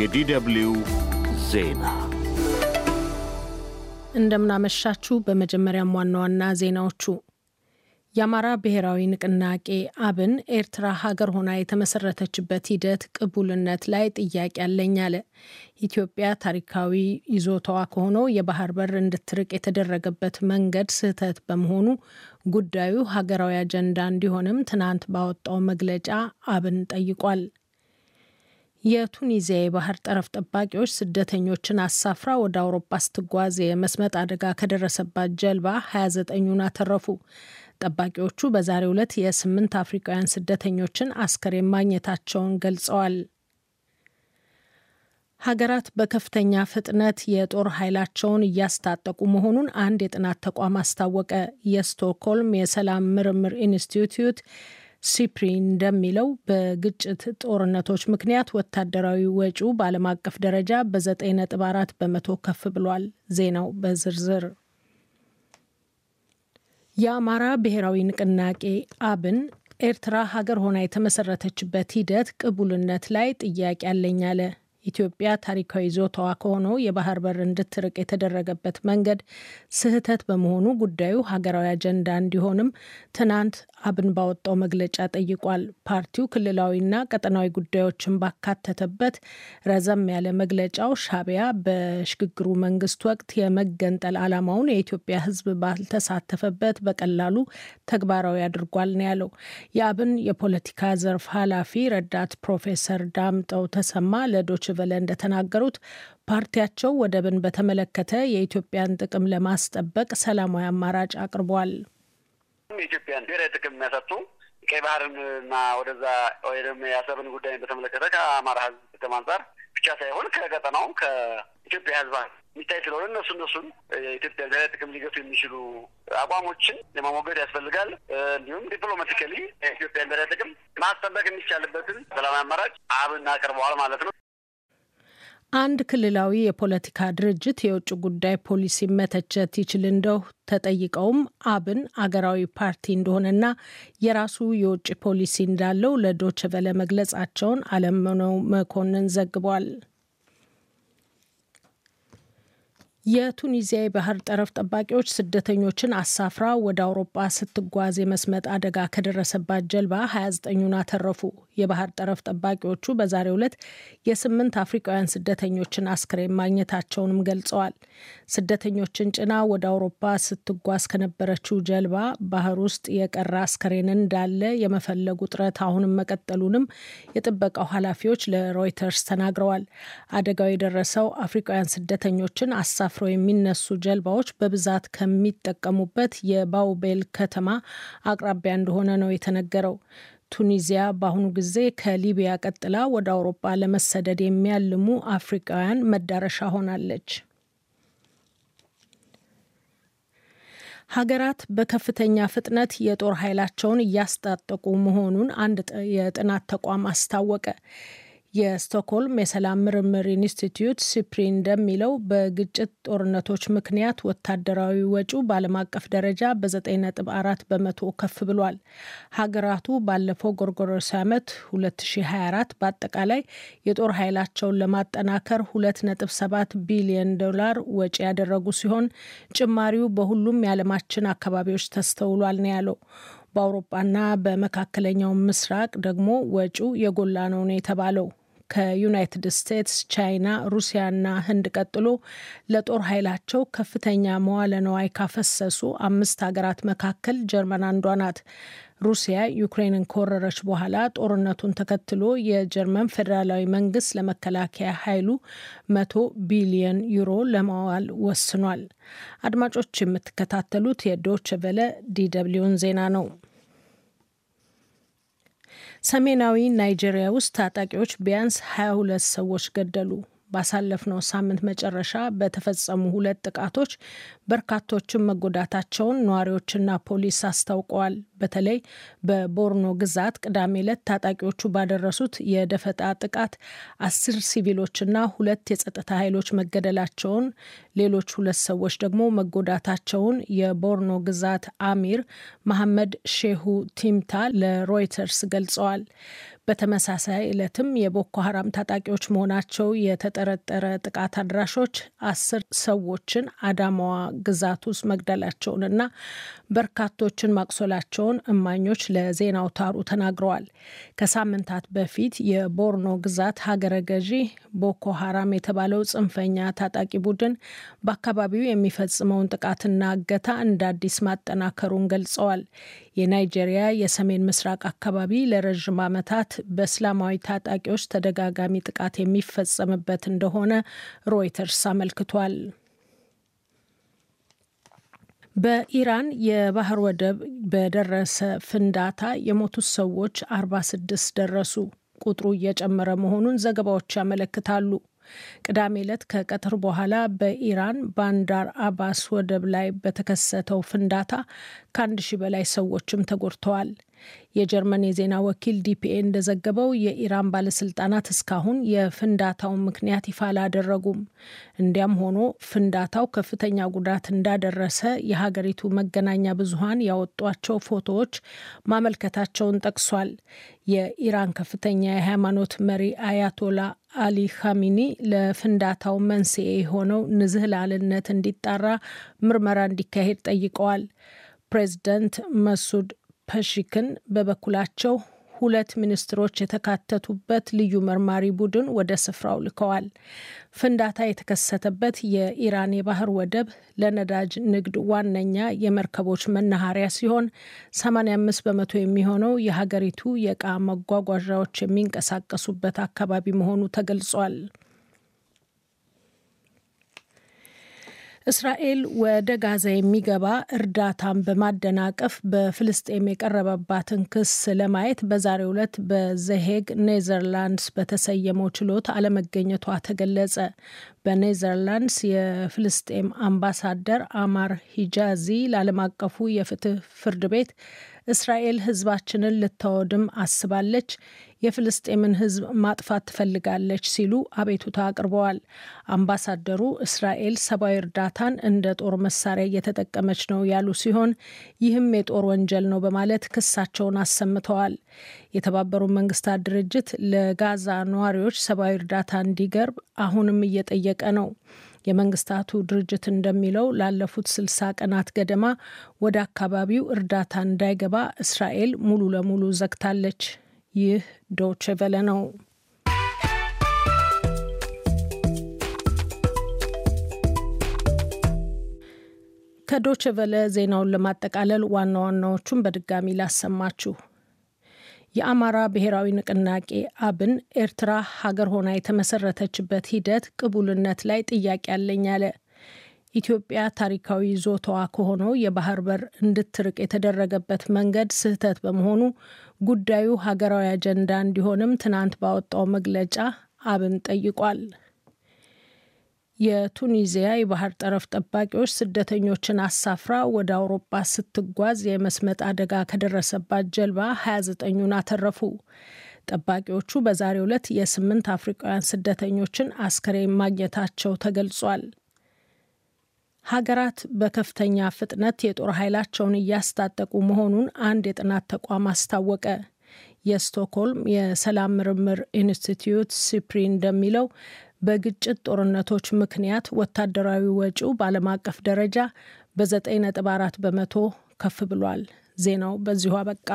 የዲደብልዩ ዜና እንደምናመሻችሁ። በመጀመሪያም ዋና ዋና ዜናዎቹ የአማራ ብሔራዊ ንቅናቄ አብን ኤርትራ ሀገር ሆና የተመሰረተችበት ሂደት ቅቡልነት ላይ ጥያቄ አለኝ አለ። ኢትዮጵያ ታሪካዊ ይዞታዋ ከሆነው የባህር በር እንድትርቅ የተደረገበት መንገድ ስህተት በመሆኑ ጉዳዩ ሀገራዊ አጀንዳ እንዲሆንም ትናንት ባወጣው መግለጫ አብን ጠይቋል። የቱኒዚያ የባህር ጠረፍ ጠባቂዎች ስደተኞችን አሳፍራ ወደ አውሮፓ ስትጓዝ የመስመጥ አደጋ ከደረሰባት ጀልባ 29ኙን አተረፉ። ጠባቂዎቹ በዛሬው ዕለት የስምንት አፍሪካውያን ስደተኞችን አስከሬን ማግኘታቸውን ገልጸዋል። ሀገራት በከፍተኛ ፍጥነት የጦር ኃይላቸውን እያስታጠቁ መሆኑን አንድ የጥናት ተቋም አስታወቀ። የስቶክሆልም የሰላም ምርምር ኢንስቲትዩት ሲፕሪ እንደሚለው በግጭት ጦርነቶች ምክንያት ወታደራዊ ወጪው በዓለም አቀፍ ደረጃ በዘጠኝ ነጥብ አራት በመቶ ከፍ ብሏል። ዜናው በዝርዝር የአማራ ብሔራዊ ንቅናቄ አብን ኤርትራ ሀገር ሆና የተመሰረተችበት ሂደት ቅቡልነት ላይ ጥያቄ አለኝ አለ። ኢትዮጵያ ታሪካዊ ይዞታዋ ከሆነው የባህር በር እንድትርቅ የተደረገበት መንገድ ስህተት በመሆኑ ጉዳዩ ሀገራዊ አጀንዳ እንዲሆንም ትናንት አብን ባወጣው መግለጫ ጠይቋል። ፓርቲው ክልላዊና ቀጠናዊ ጉዳዮችን ባካተተበት ረዘም ያለ መግለጫው ሻቢያ በሽግግሩ መንግስት ወቅት የመገንጠል ዓላማውን የኢትዮጵያ ሕዝብ ባልተሳተፈበት በቀላሉ ተግባራዊ አድርጓል ነው ያለው። የአብን የፖለቲካ ዘርፍ ኃላፊ ረዳት ፕሮፌሰር ዳምጠው ተሰማ ለዶች ቬለ እንደተናገሩት ፓርቲያቸው ወደብን በተመለከተ የኢትዮጵያን ጥቅም ለማስጠበቅ ሰላማዊ አማራጭ አቅርቧል። የኢትዮጵያን ብሔራዊ ጥቅም የሚያሳጡ ቀይ ባህርን እና ወደዛ ወይ ደግሞ የአሰብን ጉዳይ በተመለከተ ከአማራ ሕዝብ ጥቅም አንጻር ብቻ ሳይሆን ከቀጠናውም ከኢትዮጵያ ሕዝብ የሚታይ ስለሆነ እነሱ እነሱን የኢትዮጵያ ብሔራዊ ጥቅም ሊገቱ የሚችሉ አቋሞችን ለማሞገድ ያስፈልጋል። እንዲሁም ዲፕሎማቲካሊ የኢትዮጵያ ብሔራዊ ጥቅም ማስጠበቅ የሚቻልበትን ሰላማዊ አማራጭ አብን አቅርበዋል ማለት ነው። አንድ ክልላዊ የፖለቲካ ድርጅት የውጭ ጉዳይ ፖሊሲ መተቸት ይችል እንደው ተጠይቀውም አብን አገራዊ ፓርቲ እንደሆነና የራሱ የውጭ ፖሊሲ እንዳለው ለዶችቨለ መግለጻቸውን አለመነው መኮንን ዘግቧል። የቱኒዚያ የባህር ጠረፍ ጠባቂዎች ስደተኞችን አሳፍራ ወደ አውሮጳ ስትጓዝ የመስመጥ አደጋ ከደረሰባት ጀልባ 29ኙን አተረፉ። የባህር ጠረፍ ጠባቂዎቹ በዛሬው ዕለት የስምንት አፍሪካውያን ስደተኞችን አስክሬን ማግኘታቸውንም ገልጸዋል። ስደተኞችን ጭና ወደ አውሮፓ ስትጓዝ ከነበረችው ጀልባ ባህር ውስጥ የቀረ አስክሬን እንዳለ የመፈለጉ ጥረት አሁንም መቀጠሉንም የጥበቃው ኃላፊዎች ለሮይተርስ ተናግረዋል። አደጋው የደረሰው አፍሪካውያን ስደተኞችን አሳፍ ተሳፍረው የሚነሱ ጀልባዎች በብዛት ከሚጠቀሙበት የባውቤል ከተማ አቅራቢያ እንደሆነ ነው የተነገረው። ቱኒዚያ በአሁኑ ጊዜ ከሊቢያ ቀጥላ ወደ አውሮፓ ለመሰደድ የሚያልሙ አፍሪካውያን መዳረሻ ሆናለች። ሀገራት በከፍተኛ ፍጥነት የጦር ኃይላቸውን እያስታጠቁ መሆኑን አንድ የጥናት ተቋም አስታወቀ። የስቶክሆልም የሰላም ምርምር ኢንስቲትዩት ሲፕሪ እንደሚለው በግጭት ጦርነቶች ምክንያት ወታደራዊ ወጪው በዓለም አቀፍ ደረጃ በ9.4 በመቶ ከፍ ብሏል። ሀገራቱ ባለፈው ጎርጎሮስ ዓመት 2024 በአጠቃላይ የጦር ኃይላቸውን ለማጠናከር 2.7 ቢሊዮን ዶላር ወጪ ያደረጉ ሲሆን ጭማሪው በሁሉም የዓለማችን አካባቢዎች ተስተውሏል ነው ያለው። በአውሮፓና በመካከለኛው ምስራቅ ደግሞ ወጪው የጎላ ነው ነው የተባለው። ከዩናይትድ ስቴትስ፣ ቻይና፣ ሩሲያና ህንድ ቀጥሎ ለጦር ኃይላቸው ከፍተኛ መዋለ ነዋይ ካፈሰሱ አምስት ሀገራት መካከል ጀርመን አንዷ ናት። ሩሲያ ዩክሬንን ከወረረች በኋላ ጦርነቱን ተከትሎ የጀርመን ፌዴራላዊ መንግስት ለመከላከያ ኃይሉ መቶ ቢሊዮን ዩሮ ለማዋል ወስኗል። አድማጮች የምትከታተሉት የዶች ቨለ ዲደብሊውን ዜና ነው። ሰሜናዊ ናይጄሪያ ውስጥ ታጣቂዎች ቢያንስ 22 ሰዎች ገደሉ። ባሳለፍነው ሳምንት መጨረሻ በተፈጸሙ ሁለት ጥቃቶች በርካቶችን መጎዳታቸውን ነዋሪዎችና ፖሊስ አስታውቀዋል። በተለይ በቦርኖ ግዛት ቅዳሜ ዕለት ታጣቂዎቹ ባደረሱት የደፈጣ ጥቃት አስር ሲቪሎችና ሁለት የጸጥታ ኃይሎች መገደላቸውን ሌሎች ሁለት ሰዎች ደግሞ መጎዳታቸውን የቦርኖ ግዛት አሚር መሐመድ ሼሁ ቲምታ ለሮይተርስ ገልጸዋል። በተመሳሳይ ዕለትም የቦኮ ሀራም ታጣቂዎች መሆናቸው የተጠረጠረ ጥቃት አድራሾች አስር ሰዎችን አዳማዋ ግዛት ውስጥ መግደላቸውንና በርካቶችን ማቁሰላቸውን እማኞች ለዜና አውታሩ ተናግረዋል። ከሳምንታት በፊት የቦርኖ ግዛት ሀገረ ገዢ ቦኮ ሀራም የተባለው ጽንፈኛ ታጣቂ ቡድን በአካባቢው የሚፈጽመውን ጥቃትና እገታ እንደ አዲስ ማጠናከሩን ገልጸዋል። የናይጄሪያ የሰሜን ምስራቅ አካባቢ ለረዥም ዓመታት በእስላማዊ ታጣቂዎች ተደጋጋሚ ጥቃት የሚፈጸምበት እንደሆነ ሮይተርስ አመልክቷል። በኢራን የባህር ወደብ በደረሰ ፍንዳታ የሞቱት ሰዎች 46 ደረሱ። ቁጥሩ እየጨመረ መሆኑን ዘገባዎች ያመለክታሉ። ቅዳሜ ዕለት ከቀትር በኋላ በኢራን ባንዳር አባስ ወደብ ላይ በተከሰተው ፍንዳታ ከአንድ ሺህ በላይ ሰዎችም ተጎድተዋል። የጀርመን የዜና ወኪል ዲፒኤ እንደዘገበው የኢራን ባለስልጣናት እስካሁን የፍንዳታውን ምክንያት ይፋ አላደረጉም። እንዲያም ሆኖ ፍንዳታው ከፍተኛ ጉዳት እንዳደረሰ የሀገሪቱ መገናኛ ብዙኃን ያወጧቸው ፎቶዎች ማመልከታቸውን ጠቅሷል። የኢራን ከፍተኛ የሃይማኖት መሪ አያቶላ አሊ ኻሚኒ ለፍንዳታው መንስኤ የሆነው ንዝህላልነት እንዲጣራ ምርመራ እንዲካሄድ ጠይቀዋል። ፕሬዚደንት መሱድ ፐሺክን በበኩላቸው ሁለት ሚኒስትሮች የተካተቱበት ልዩ መርማሪ ቡድን ወደ ስፍራው ልከዋል። ፍንዳታ የተከሰተበት የኢራን የባህር ወደብ ለነዳጅ ንግድ ዋነኛ የመርከቦች መናኸሪያ ሲሆን 85 በመቶ የሚሆነው የሀገሪቱ የእቃ መጓጓዣዎች የሚንቀሳቀሱበት አካባቢ መሆኑ ተገልጿል። እስራኤል ወደ ጋዛ የሚገባ እርዳታን በማደናቀፍ በፍልስጤም የቀረበባትን ክስ ለማየት በዛሬው ዕለት በዘሄግ ኔዘርላንድስ በተሰየመው ችሎት አለመገኘቷ ተገለጸ። በኔዘርላንድስ የፍልስጤም አምባሳደር አማር ሂጃዚ ለዓለም አቀፉ የፍትህ ፍርድ ቤት እስራኤል ሕዝባችንን ልታወድም አስባለች፣ የፍልስጤምን ህዝብ ማጥፋት ትፈልጋለች ሲሉ አቤቱታ አቅርበዋል። አምባሳደሩ እስራኤል ሰብአዊ እርዳታን እንደ ጦር መሳሪያ እየተጠቀመች ነው ያሉ ሲሆን ይህም የጦር ወንጀል ነው በማለት ክሳቸውን አሰምተዋል። የተባበሩት መንግስታት ድርጅት ለጋዛ ነዋሪዎች ሰብአዊ እርዳታ እንዲገርብ አሁንም እየጠየቀ ነው። የመንግስታቱ ድርጅት እንደሚለው ላለፉት ስልሳ ቀናት ገደማ ወደ አካባቢው እርዳታ እንዳይገባ እስራኤል ሙሉ ለሙሉ ዘግታለች። ይህ ዶቼ ነው። ከዶቼ ዜናውን ለማጠቃለል ዋና ዋናዎቹን በድጋሚ ላሰማችሁ። የአማራ ብሔራዊ ንቅናቄ አብን ኤርትራ ሀገር ሆና የተመሰረተችበት ሂደት ቅቡልነት ላይ ጥያቄ አለኝ አለ። ኢትዮጵያ ታሪካዊ ይዞታዋ ከሆነው የባህር በር እንድትርቅ የተደረገበት መንገድ ስህተት በመሆኑ ጉዳዩ ሀገራዊ አጀንዳ እንዲሆንም ትናንት ባወጣው መግለጫ አብን ጠይቋል። የቱኒዚያ የባህር ጠረፍ ጠባቂዎች ስደተኞችን አሳፍራ ወደ አውሮፓ ስትጓዝ የመስመጥ አደጋ ከደረሰባት ጀልባ 29ኙን አተረፉ። ጠባቂዎቹ በዛሬው ዕለት የስምንት አፍሪካውያን ስደተኞችን አስከሬን ማግኘታቸው ተገልጿል። ሀገራት በከፍተኛ ፍጥነት የጦር ኃይላቸውን እያስታጠቁ መሆኑን አንድ የጥናት ተቋም አስታወቀ። የስቶክሆልም የሰላም ምርምር ኢንስቲትዩት ሲፕሪ እንደሚለው በግጭት ጦርነቶች ምክንያት ወታደራዊ ወጪው በዓለም አቀፍ ደረጃ በ9.4 በመቶ ከፍ ብሏል። ዜናው በዚሁ አበቃ።